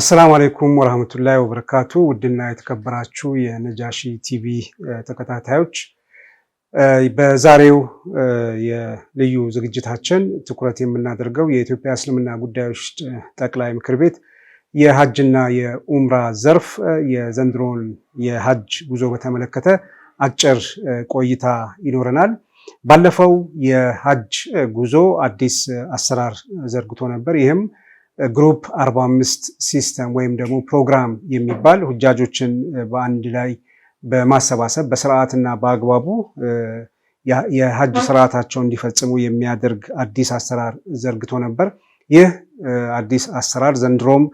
አሰላሙ አሌይኩም ወረህመቱላሂ ወበረካቱ። ውድና የተከበራችሁ የነጃሺ ቲቪ ተከታታዮች በዛሬው የልዩ ዝግጅታችን ትኩረት የምናደርገው የኢትዮጵያ እስልምና ጉዳዮች ጠቅላይ ምክር ቤት የሀጅና የኡምራ ዘርፍ የዘንድሮን የሀጅ ጉዞ በተመለከተ አጭር ቆይታ ይኖረናል። ባለፈው የሀጅ ጉዞ አዲስ አሰራር ዘርግቶ ነበር። ይህም ግሩፕ 45 ሲስተም ወይም ደግሞ ፕሮግራም የሚባል ሁጃጆችን በአንድ ላይ በማሰባሰብ በስርዓትና በአግባቡ የሀጅ ስርዓታቸው እንዲፈጽሙ የሚያደርግ አዲስ አሰራር ዘርግቶ ነበር። ይህ አዲስ አሰራር ዘንድሮም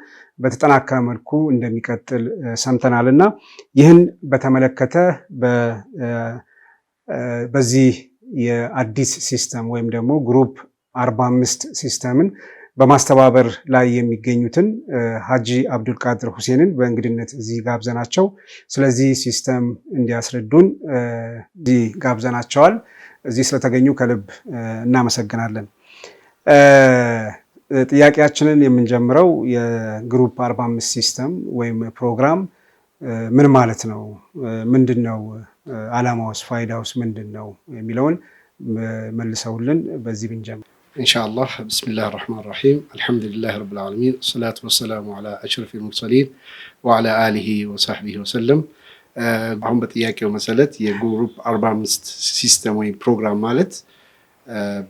በተጠናከረ መልኩ እንደሚቀጥል ሰምተናል እና ይህን በተመለከተ በዚህ የአዲስ ሲስተም ወይም ደግሞ ግሩፕ 45 ሲስተምን በማስተባበር ላይ የሚገኙትን ሀጂ አብዱልቃድር ሁሴንን በእንግድነት እዚህ ጋብዘናቸው ስለዚህ ሲስተም እንዲያስረዱን እዚህ ጋብዘናቸዋል። እዚህ ስለተገኙ ከልብ እናመሰግናለን። ጥያቄያችንን የምንጀምረው የግሩፕ 45 ሲስተም ወይም ፕሮግራም ምን ማለት ነው? ምንድን ነው አላማውስ? ፋይዳውስ ምንድን ነው የሚለውን መልሰውልን በዚህ ብንጀምር ኢንሻአላህ ብስሚላህ ራህማን ራሒም አልሐምዱሊላህ ረብል ዓለሚን ሰላት ወሰላሙ ዓላ አሽረፊል ሙርሰሊን ወዓላ አሊሂ ወሳሕቢሂ ወሰለም። አሁን በጥያቄው መሰረት የግሩፕ 45 ሲስተም ወይም ፕሮግራም ማለት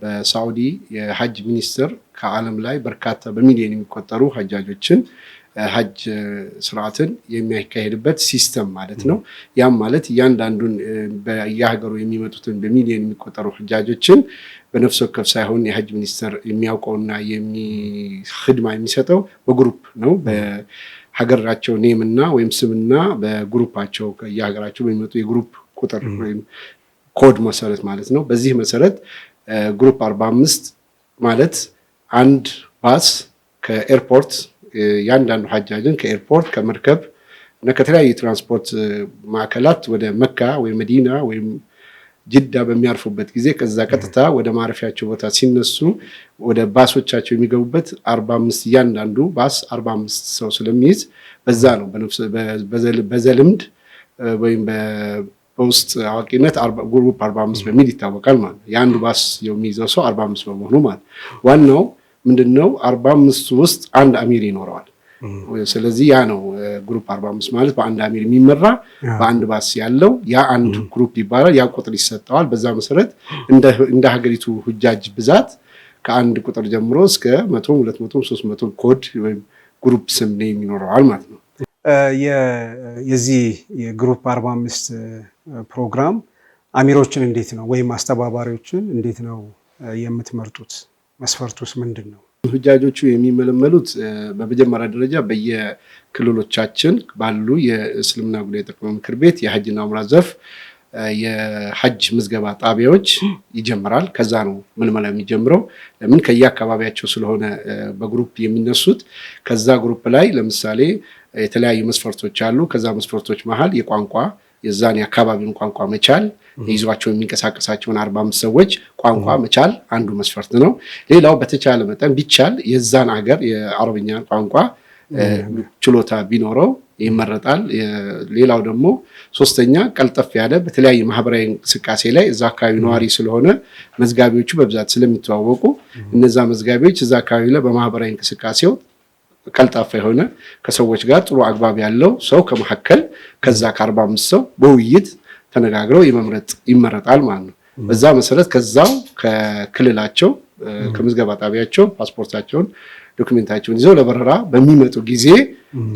በሳዑዲ የሀጅ ሚኒስቴር ከዓለም ላይ በርካታ በሚሊዮን የሚቆጠሩ ሀጃጆችን ሀጅ ስርዓትን የሚያካሄድበት ሲስተም ማለት ነው። ያም ማለት እያንዳንዱን በየሀገሩ የሚመጡትን በሚሊዮን የሚቆጠሩ ሕጃጆችን በነፍስ ወከፍ ሳይሆን የሀጅ ሚኒስቴር የሚያውቀውና ህድማ የሚሰጠው በግሩፕ ነው። በሀገራቸው ኔምና ወይም ስምና በግሩፓቸው የሀገራቸው በሚመጡ የግሩፕ ቁጥር ወይም ኮድ መሰረት ማለት ነው። በዚህ መሰረት ግሩፕ አርባ አምስት ማለት አንድ ባስ ከኤርፖርት ያንዳንዱ ሀጃጅን ከኤርፖርት ከመርከብ እና ከተለያዩ የትራንስፖርት ማዕከላት ወደ መካ ወይም መዲና ወይም ጅዳ በሚያርፉበት ጊዜ ከዛ ቀጥታ ወደ ማረፊያቸው ቦታ ሲነሱ ወደ ባሶቻቸው የሚገቡበት አርባ አምስት እያንዳንዱ ባስ አርባ አምስት ሰው ስለሚይዝ በዛ ነው በዘልምድ ወይም በውስጥ አዋቂነት ግሩፕ አርባ አምስት በሚል ይታወቃል ማለት ነው። የአንዱ ባስ የሚይዘው ሰው አርባ አምስት በመሆኑ ማለት ዋናው ምንድን ነው አርባ አምስት ውስጥ አንድ አሚር ይኖረዋል። ስለዚህ ያ ነው ግሩፕ አርባ አምስት ማለት በአንድ አሚር የሚመራ በአንድ ባስ ያለው ያ አንድ ግሩፕ ይባላል። ያ ቁጥር ይሰጠዋል። በዛ መሰረት እንደ ሀገሪቱ ሁጃጅ ብዛት ከአንድ ቁጥር ጀምሮ እስከ መቶ ሁለት መቶ ሶስት መቶ ኮድ ወይም ግሩፕ ስም የሚኖረዋል ማለት ነው። የዚህ የግሩፕ አርባ አምስት ፕሮግራም አሚሮችን እንዴት ነው ወይም አስተባባሪዎችን እንዴት ነው የምትመርጡት? ውስጥ ምንድን ነው? ሁጃጆቹ የሚመለመሉት በመጀመሪያ ደረጃ በየክልሎቻችን ባሉ የእስልምና ጉዳይ ጠቅላይ ምክር ቤት የሀጅና ዑምራ ዘርፍ የሀጅ ምዝገባ ጣቢያዎች ይጀምራል። ከዛ ነው ምልመላ የሚጀምረው። ለምን ከየአካባቢያቸው ስለሆነ በግሩፕ የሚነሱት። ከዛ ግሩፕ ላይ ለምሳሌ የተለያዩ መስፈርቶች አሉ። ከዛ መስፈርቶች መሀል የቋንቋ የዛን የአካባቢውን ቋንቋ መቻል ይዟቸው የሚንቀሳቀሳቸውን አርባ አምስት ሰዎች ቋንቋ መቻል አንዱ መስፈርት ነው። ሌላው በተቻለ መጠን ቢቻል የዛን አገር የአረብኛ ቋንቋ ችሎታ ቢኖረው ይመረጣል። ሌላው ደግሞ ሶስተኛ ቀልጠፍ ያለ በተለያየ ማህበራዊ እንቅስቃሴ ላይ እዛ አካባቢ ነዋሪ ስለሆነ መዝጋቢዎቹ በብዛት ስለሚተዋወቁ እነዛ መዝጋቢዎች እዛ አካባቢ ላይ በማህበራዊ እንቅስቃሴው ቀልጣፋ የሆነ ከሰዎች ጋር ጥሩ አግባብ ያለው ሰው ከመካከል ከዛ ከአርባ አምስት ሰው በውይይት ተነጋግረው የመምረጥ ይመረጣል ማለት ነው። በዛ መሰረት ከዛው ከክልላቸው ከምዝገባ ጣቢያቸው ፓስፖርታቸውን ዶክሜንታቸውን ይዘው ለበረራ በሚመጡ ጊዜ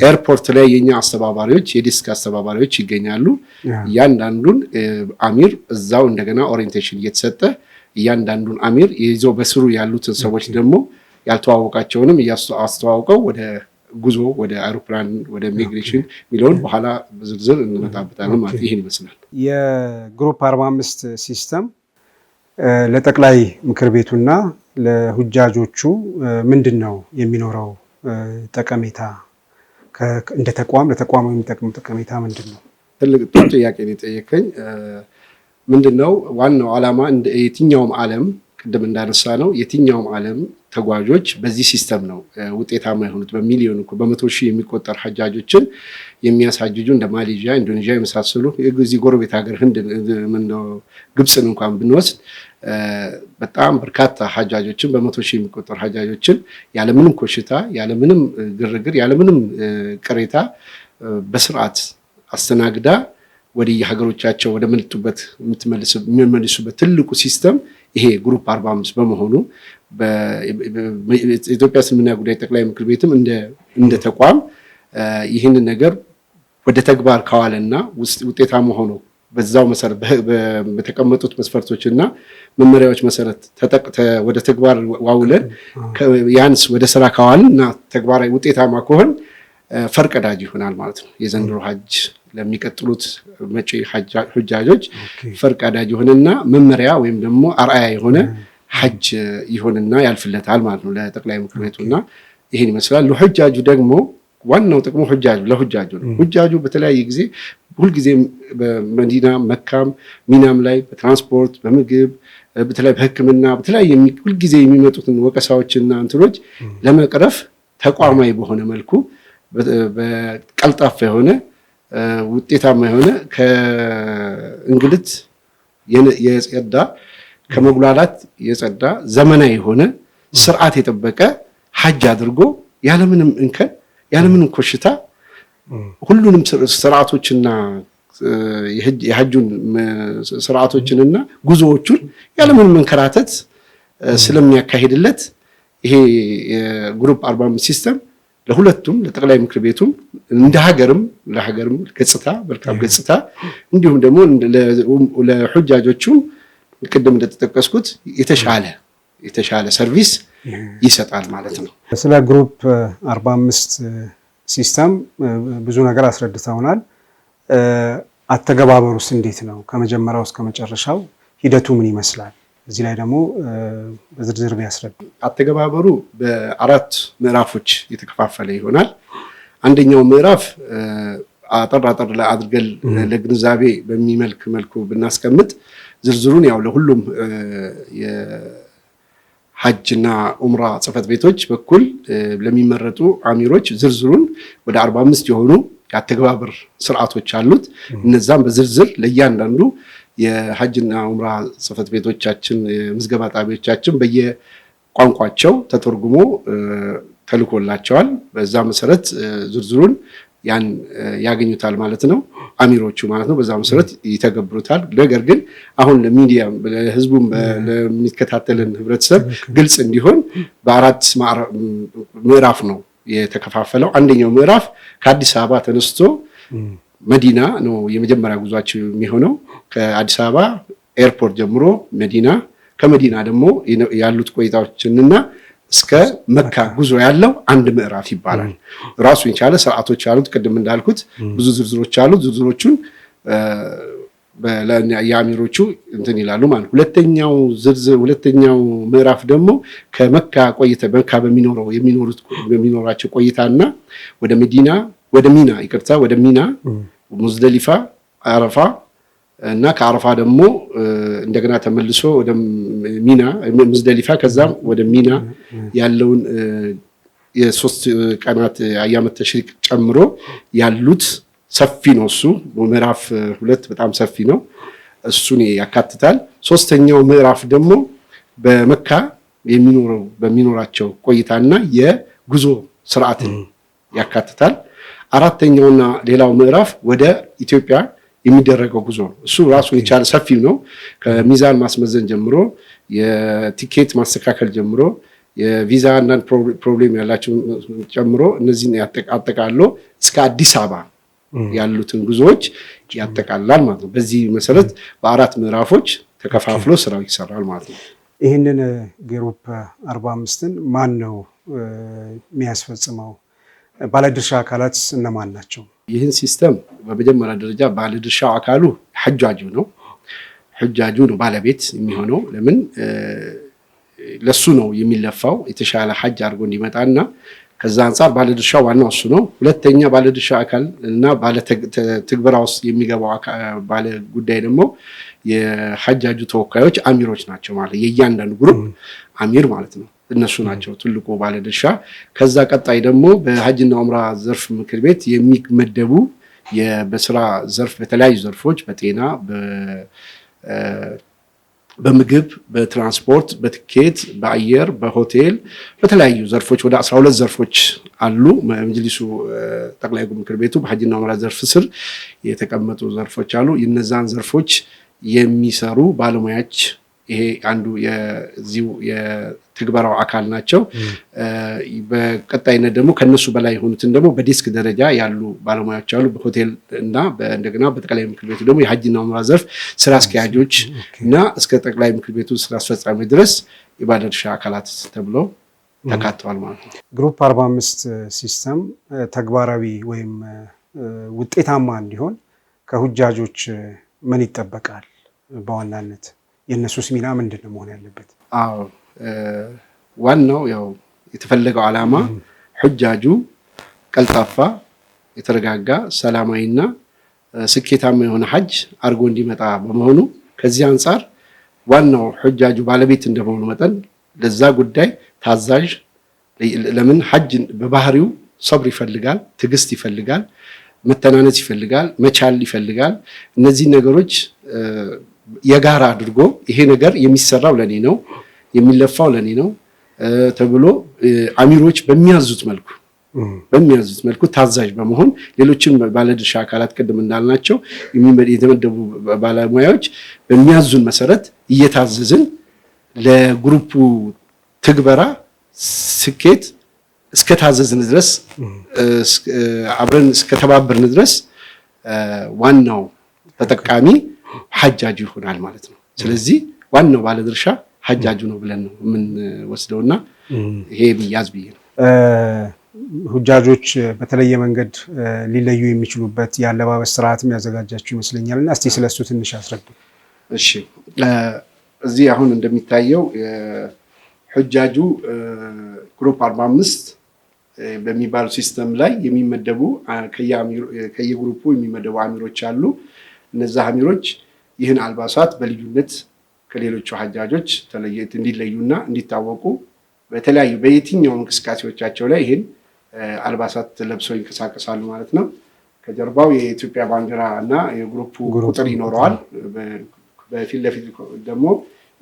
ኤርፖርት ላይ የኛ አስተባባሪዎች የዲስክ አስተባባሪዎች ይገኛሉ። እያንዳንዱን አሚር እዛው እንደገና ኦሪንቴሽን እየተሰጠ እያንዳንዱን አሚር ይዘው በስሩ ያሉትን ሰዎች ደግሞ ያልተዋወቃቸውንም አስተዋውቀው ወደ ጉዞ ወደ አውሮፕላን ወደ ሚግሬሽን የሚለውን በኋላ በዝርዝር እንመጣበታለን። ማለት ይህን ይመስላል የግሩፕ አርባ አምስት ሲስተም ለጠቅላይ ምክር ቤቱና ለሁጃጆቹ ምንድን ነው የሚኖረው ጠቀሜታ? እንደ ተቋም ለተቋም የሚጠቅሙ ጠቀሜታ ምንድን ነው? ትልቅ ጥሩ ጥያቄ ነው የጠየቀኝ። ምንድን ነው ዋናው ዓላማ የትኛውም ዓለም ቅድም እንዳነሳ ነው የትኛውም ዓለም ተጓዦች በዚህ ሲስተም ነው ውጤታማ የሆኑት። በሚሊዮን እኮ በመቶ ሺህ የሚቆጠር ሀጃጆችን የሚያሳጅጁ እንደ ማሌዥያ፣ ኢንዶኔዥያ የመሳሰሉ እዚህ ጎረቤት ሀገር ህንድ፣ ግብፅን እንኳን ብንወስድ በጣም በርካታ ሀጃጆችን በመቶ ሺህ የሚቆጠሩ ሀጃጆችን ያለምንም ኮሽታ፣ ያለምንም ግርግር፣ ያለምንም ቅሬታ በስርዓት አስተናግዳ ወደ የሀገሮቻቸው ወደ መጡበት የሚመልሱበት ትልቁ ሲስተም ይሄ ግሩፕ 45 በመሆኑ በኢትዮጵያ እስልምና ጉዳይ ጠቅላይ ምክር ቤትም እንደ ተቋም ይህንን ነገር ወደ ተግባር ከዋለና ውጤታማ ሆኖ በዛው መሰረት በተቀመጡት መስፈርቶች እና መመሪያዎች መሰረት ወደ ተግባር ዋውለን ያንስ ወደ ስራ ከዋል እና ተግባራዊ ውጤታማ ከሆን ፈርቀዳጅ ይሆናል ማለት ነው። የዘንድሮ ሀጅ ለሚቀጥሉት መጪ ሀጃጆች ፈርቀዳጅ የሆነና መመሪያ ወይም ደግሞ አርአያ የሆነ ሐጅ ይሆንና ያልፍለታል ማለት ነው ለጠቅላይ ምክር እና ይህን ይመስላል። ለሁጃጁ ደግሞ ዋናው ጥቅሙ ሁጃጁ ለሁጃጁ ነው። ሁጃጁ በተለያየ ጊዜ ሁልጊዜ በመዲና መካም፣ ሚናም ላይ በትራንስፖርት በምግብ በተለይ በሕክምና በተለያየ ሁልጊዜ የሚመጡትን ወቀሳዎችና እንትኖች ለመቅረፍ ተቋማዊ በሆነ መልኩ በቀልጣፋ የሆነ ውጤታማ የሆነ ከእንግልት የጸዳ ከመጉላላት የጸዳ ዘመናዊ የሆነ ስርዓት የጠበቀ ሀጅ አድርጎ ያለምንም እንከን ያለምንም ኮሽታ ሁሉንም ስርዓቶችና የሀጁን ስርዓቶችንና ጉዞዎቹን ያለምንም መንከራተት ስለሚያካሂድለት ይሄ የግሩፕ አርባ አምስት ሲስተም ለሁለቱም ለጠቅላይ ምክር ቤቱም እንደ ሀገርም ለሀገርም ገጽታ መልካም ገጽታ እንዲሁም ደግሞ ለሁጃጆቹም ቅድም እንደተጠቀስኩት የተሻለ የተሻለ ሰርቪስ ይሰጣል ማለት ነው። ስለ ግሩፕ 45 ሲስተም ብዙ ነገር አስረድተውናል። አተገባበሩስ እንዴት ነው? ከመጀመሪያው እስከ መጨረሻው ሂደቱ ምን ይመስላል? እዚህ ላይ ደግሞ በዝርዝር ቢያስረዱ። አተገባበሩ በአራት ምዕራፎች የተከፋፈለ ይሆናል። አንደኛው ምዕራፍ አጠር አጠር አድርገን ለግንዛቤ በሚመልክ መልኩ ብናስቀምጥ ዝርዝሩን ያው ለሁሉም የሀጅና ኡምራ ጽህፈት ቤቶች በኩል ለሚመረጡ አሚሮች ዝርዝሩን ወደ አርባ አምስት የሆኑ የአተገባበር ስርዓቶች አሉት። እነዛም በዝርዝር ለእያንዳንዱ የሀጅና ኡምራ ጽህፈት ቤቶቻችን ምዝገባ ጣቢያዎቻችን በየቋንቋቸው ተተርጉሞ ተልኮላቸዋል። በዛ መሰረት ዝርዝሩን ያን ያገኙታል ማለት ነው። አሚሮቹ ማለት ነው። በዛ መሰረት ይተገብሩታል። ነገር ግን አሁን ለሚዲያም ለህዝቡም ለሚከታተልን ህብረተሰብ ግልጽ እንዲሆን በአራት ምዕራፍ ነው የተከፋፈለው። አንደኛው ምዕራፍ ከአዲስ አበባ ተነስቶ መዲና ነው የመጀመሪያ ጉዟቸው የሚሆነው። ከአዲስ አበባ ኤርፖርት ጀምሮ መዲና፣ ከመዲና ደግሞ ያሉት ቆይታዎችንና እስከ መካ ጉዞ ያለው አንድ ምዕራፍ ይባላል። ራሱ የቻለ ስርዓቶች አሉት። ቅድም እንዳልኩት ብዙ ዝርዝሮች አሉት። ዝርዝሮቹን የአሚሮቹ እንትን ይላሉ ማለት። ሁለተኛው ዝርዝር ሁለተኛው ምዕራፍ ደግሞ ከመካ ቆይተ መካ በሚኖረው የሚኖራቸው ቆይታና ወደ መዲና ወደ ሚና ይቅርታ፣ ወደ ሚና ሙዝደሊፋ፣ አረፋ እና ከአረፋ ደግሞ እንደገና ተመልሶ ወደ ሚና ምዝደሊፋ ከዛም ወደ ሚና ያለውን የሶስት ቀናት አያመት ተሽሪቅ ጨምሮ ያሉት ሰፊ ነው። እሱ ምዕራፍ ሁለት በጣም ሰፊ ነው። እሱን ያካትታል። ሶስተኛው ምዕራፍ ደግሞ በመካ የሚኖረው በሚኖራቸው ቆይታና የጉዞ ስርዓትን ያካትታል። አራተኛውና ሌላው ምዕራፍ ወደ ኢትዮጵያ የሚደረገው ጉዞ ነው። እሱ ራሱን የቻለ ሰፊ ነው። ከሚዛን ማስመዘን ጀምሮ የቲኬት ማስተካከል ጀምሮ የቪዛ አንዳንድ ፕሮብሌም ያላቸው ጨምሮ እነዚህን አጠቃሎ እስከ አዲስ አበባ ያሉትን ጉዞዎች ያጠቃላል ማለት ነው። በዚህ መሰረት በአራት ምዕራፎች ተከፋፍሎ ስራው ይሰራል ማለት ነው። ይህንን ግሩፕ አርባ አምስትን ማን ነው የሚያስፈጽመው? ባለድርሻ አካላት እነማን ናቸው? ይህን ሲስተም በመጀመሪያ ደረጃ ባለድርሻው አካሉ ሐጃጁ ነው። ሐጃጁ ነው ባለቤት የሚሆነው። ለምን ለሱ ነው የሚለፋው የተሻለ ሐጅ አድርጎ እንዲመጣ እና ከዛ አንጻር ባለድርሻ ዋናው እሱ ነው። ሁለተኛ ባለድርሻ አካል እና ባለትግበራ ውስጥ የሚገባው ባለ ጉዳይ ደግሞ የሐጃጁ ተወካዮች አሚሮች ናቸው። ማለት የእያንዳንዱ ግሩፕ አሚር ማለት ነው። እነሱ ናቸው ትልቁ ባለድርሻ። ከዛ ቀጣይ ደግሞ በሀጅና ዑምራ ዘርፍ ምክር ቤት የሚመደቡ በስራ ዘርፍ በተለያዩ ዘርፎች በጤና በምግብ በትራንስፖርት በትኬት በአየር በሆቴል በተለያዩ ዘርፎች ወደ 12 ዘርፎች አሉ። መጅሊሱ ጠቅላይ ምክር ቤቱ በሀጅና ዑምራ ዘርፍ ስር የተቀመጡ ዘርፎች አሉ። የነዛን ዘርፎች የሚሰሩ ባለሙያዎች ይሄ አንዱ የዚሁ የትግበራው አካል ናቸው። በቀጣይነት ደግሞ ከነሱ በላይ የሆኑትን ደግሞ በዴስክ ደረጃ ያሉ ባለሙያዎች አሉ። በሆቴል እና እንደገና በጠቅላይ ምክር ቤቱ ደግሞ የሀጅና ዑምራ ዘርፍ ስራ አስኪያጆች እና እስከ ጠቅላይ ምክር ቤቱ ስራ አስፈጻሚ ድረስ የባለድርሻ አካላት ተብለው ተካተዋል ማለት ነው። ግሩፕ አርባ አምስት ሲስተም ተግባራዊ ወይም ውጤታማ እንዲሆን ከሁጃጆች ምን ይጠበቃል በዋናነት? የእነሱስ ሚና ምንድን ነው መሆን ያለበት? አዎ ዋናው ያው የተፈለገው ዓላማ ሑጃጁ ቀልጣፋ፣ የተረጋጋ፣ ሰላማዊና ስኬታማ የሆነ ሀጅ አድርጎ እንዲመጣ በመሆኑ ከዚህ አንጻር ዋናው ሑጃጁ ባለቤት እንደመሆኑ መጠን ለዛ ጉዳይ ታዛዥ ለምን ሀጅ በባህሪው ሰብር ይፈልጋል፣ ትዕግስት ይፈልጋል፣ መተናነት ይፈልጋል፣ መቻል ይፈልጋል። እነዚህ ነገሮች የጋራ አድርጎ ይሄ ነገር የሚሰራው ለኔ ነው፣ የሚለፋው ለኔ ነው ተብሎ አሚሮች በሚያዙት መልኩ በሚያዙት መልኩ ታዛዥ በመሆን ሌሎችን ባለድርሻ አካላት ቅድም እንዳልናቸው የተመደቡ ባለሙያዎች በሚያዙን መሰረት እየታዘዝን ለግሩፑ ትግበራ ስኬት እስከታዘዝን ድረስ አብረን እስከተባበርን ድረስ ዋናው ተጠቃሚ ሀጃጁ ይሆናል ማለት ነው። ስለዚህ ዋናው ባለድርሻ ሀጃጁ ነው ብለን ነው የምንወስደውና ይሄ ብያዝ ብዬ ነው ሁጃጆች በተለየ መንገድ ሊለዩ የሚችሉበት የአለባበስ ስርዓት የሚያዘጋጃቸው ይመስለኛል እና እስቲ ስለሱ ትንሽ አስረዱ። እሺ፣ እዚህ አሁን እንደሚታየው ሁጃጁ ግሩፕ አርባ አምስት በሚባሉ ሲስተም ላይ የሚመደቡ ከየግሩፑ የሚመደቡ አሚሮች አሉ። እነዛ ሀሚሮች ይህን አልባሳት በልዩነት ከሌሎቹ ሀጃጆች ተለየት እንዲለዩና እንዲታወቁ በተለያዩ በየትኛው እንቅስቃሴዎቻቸው ላይ ይህን አልባሳት ለብሰው ይንቀሳቀሳሉ ማለት ነው። ከጀርባው የኢትዮጵያ ባንዲራ እና የግሩፕ ቁጥር ይኖረዋል። በፊት ለፊት ደግሞ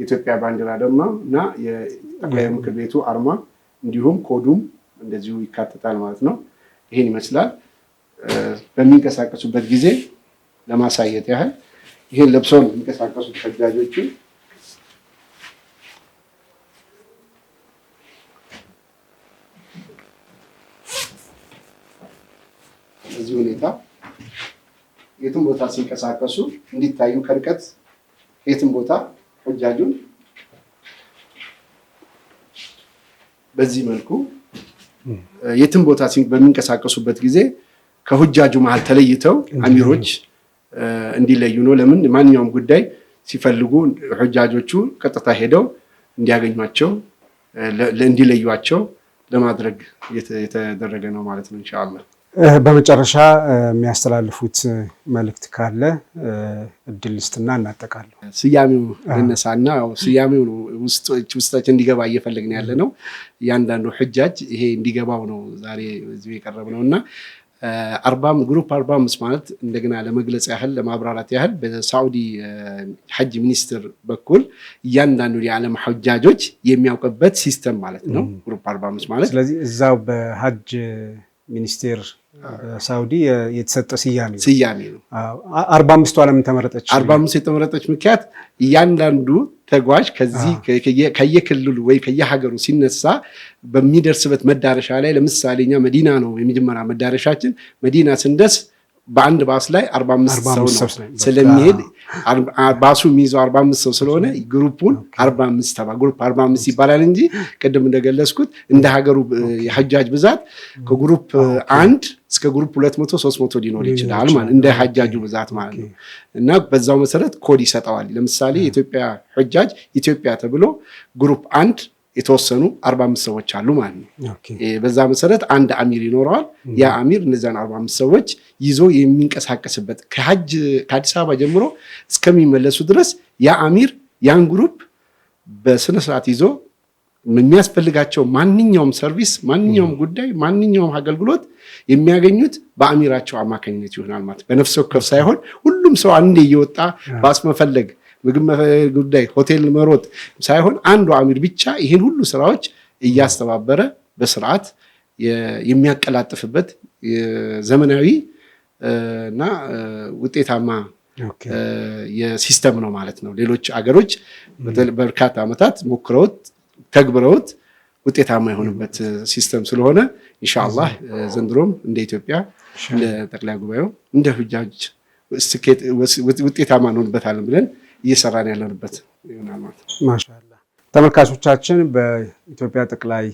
የኢትዮጵያ ባንዲራ ደግሞ እና የጠቅላይ ምክር ቤቱ አርማ እንዲሁም ኮዱም እንደዚሁ ይካተታል ማለት ነው። ይህን ይመስላል። በሚንቀሳቀሱበት ጊዜ ለማሳየት ያህል ይህን ለብሰው ነው የሚንቀሳቀሱት ሰጋጆቹ። በዚህ ሁኔታ የትም ቦታ ሲንቀሳቀሱ እንዲታዩ ከርቀት የትም ቦታ ሆጃጁን በዚህ መልኩ የትም ቦታ በሚንቀሳቀሱበት ጊዜ ከሁጃጁ መሀል ተለይተው አሚሮች እንዲለዩ ነው። ለምን ማንኛውም ጉዳይ ሲፈልጉ ሑጃጆቹ ቀጥታ ሄደው እንዲያገኟቸው እንዲለዩቸው ለማድረግ የተደረገ ነው ማለት ነው። ኢንሻአላህ በመጨረሻ የሚያስተላልፉት መልእክት ካለ እድል ልስጥና እናጠቃለሁ። ስያሜው ልነሳና ስያሜው ነው ውስጣችን እንዲገባ እየፈለግን ያለ ነው። እያንዳንዱ ሑጃጅ ይሄ እንዲገባው ነው ዛሬ እዚሁ የቀረብ ነው እና ግሩፕ አርባ አምስት ማለት እንደገና ለመግለጽ ያህል ለማብራራት ያህል በሳዑዲ ሐጅ ሚኒስትር በኩል እያንዳንዱ የዓለም ሐጃጆች የሚያውቅበት ሲስተም ማለት ነው። ግሩፕ አርባ አምስት ማለት ስለዚህ እዛው በሐጅ ሚኒስቴር ሳውዲ የተሰጠ ስያሜ ስያሜ ነው። አርባ አምስቱ ዓለም ተመረጠች። አርባ አምስቱ የተመረጠች ምክንያት እያንዳንዱ ተጓዥ ከዚህ ከየክልሉ ወይ ከየሀገሩ ሲነሳ በሚደርስበት መዳረሻ ላይ ለምሳሌ እኛ መዲና ነው የመጀመሪያ መዳረሻችን። መዲና ስንደስ በአንድ ባስ ላይ አርባ አምስት ሰው ነው ስለሚሄድ ባሱ የሚይዘው አርባ አምስት ሰው ስለሆነ ግሩፑን አርባ አምስት ተባ ግሩፕ አርባ አምስት ይባላል እንጂ ቅድም እንደገለጽኩት እንደ ሀገሩ የሀጃጅ ብዛት ከግሩፕ አንድ እስከ ግሩፕ ሁለት መቶ ሶስት መቶ ሊኖር ይችላል ማለት እንደ ሀጃጁ ብዛት ማለት ነው። እና በዛው መሰረት ኮድ ይሰጠዋል። ለምሳሌ የኢትዮጵያ ሀጃጅ ኢትዮጵያ ተብሎ ግሩፕ አንድ የተወሰኑ አርባ አምስት ሰዎች አሉ ማለት ነው። በዛ መሰረት አንድ አሚር ይኖረዋል። ያ አሚር እነዚያን አርባ አምስት ሰዎች ይዞ የሚንቀሳቀስበት ከሀጅ ከአዲስ አበባ ጀምሮ እስከሚመለሱ ድረስ ያ አሚር ያን ግሩፕ በስነስርዓት ይዞ የሚያስፈልጋቸው ማንኛውም ሰርቪስ፣ ማንኛውም ጉዳይ፣ ማንኛውም አገልግሎት የሚያገኙት በአሚራቸው አማካኝነት ይሆናል ማለት በነፍስ ወከፍ ሳይሆን ሁሉም ሰው አንዴ እየወጣ ባስመፈለግ ምግብ መፈለግ ጉዳይ፣ ሆቴል መሮጥ ሳይሆን አንዱ አሚር ብቻ ይህን ሁሉ ስራዎች እያስተባበረ በስርዓት የሚያቀላጥፍበት ዘመናዊ እና ውጤታማ የሲስተም ነው ማለት ነው። ሌሎች አገሮች በርካታ ዓመታት ሞክረውት ተግብረውት ውጤታማ የሆኑበት ሲስተም ስለሆነ ኢንሻአላህ ዘንድሮም እንደ ኢትዮጵያ እንደ ጠቅላይ ጉባኤው እንደ ሁጃጅ ውጤታማ እንሆንበታለን ብለን እየሰራን ያለንበት ይሆናል ማለት ነው። ማሻላ ተመልካቾቻችን በኢትዮጵያ ጠቅላይ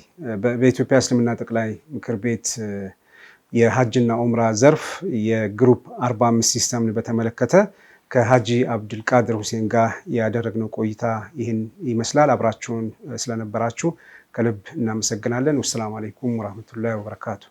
በኢትዮጵያ እስልምና ጠቅላይ ምክር ቤት የሀጅና ኦምራ ዘርፍ የግሩፕ 45 ሲስተምን በተመለከተ ከሀጂ አብድልቃድር ሁሴን ጋር ያደረግነው ቆይታ ይህን ይመስላል። አብራችሁን ስለነበራችሁ ከልብ እናመሰግናለን። ወሰላሙ አለይኩም ወራህመቱላሂ ወበረካቱ።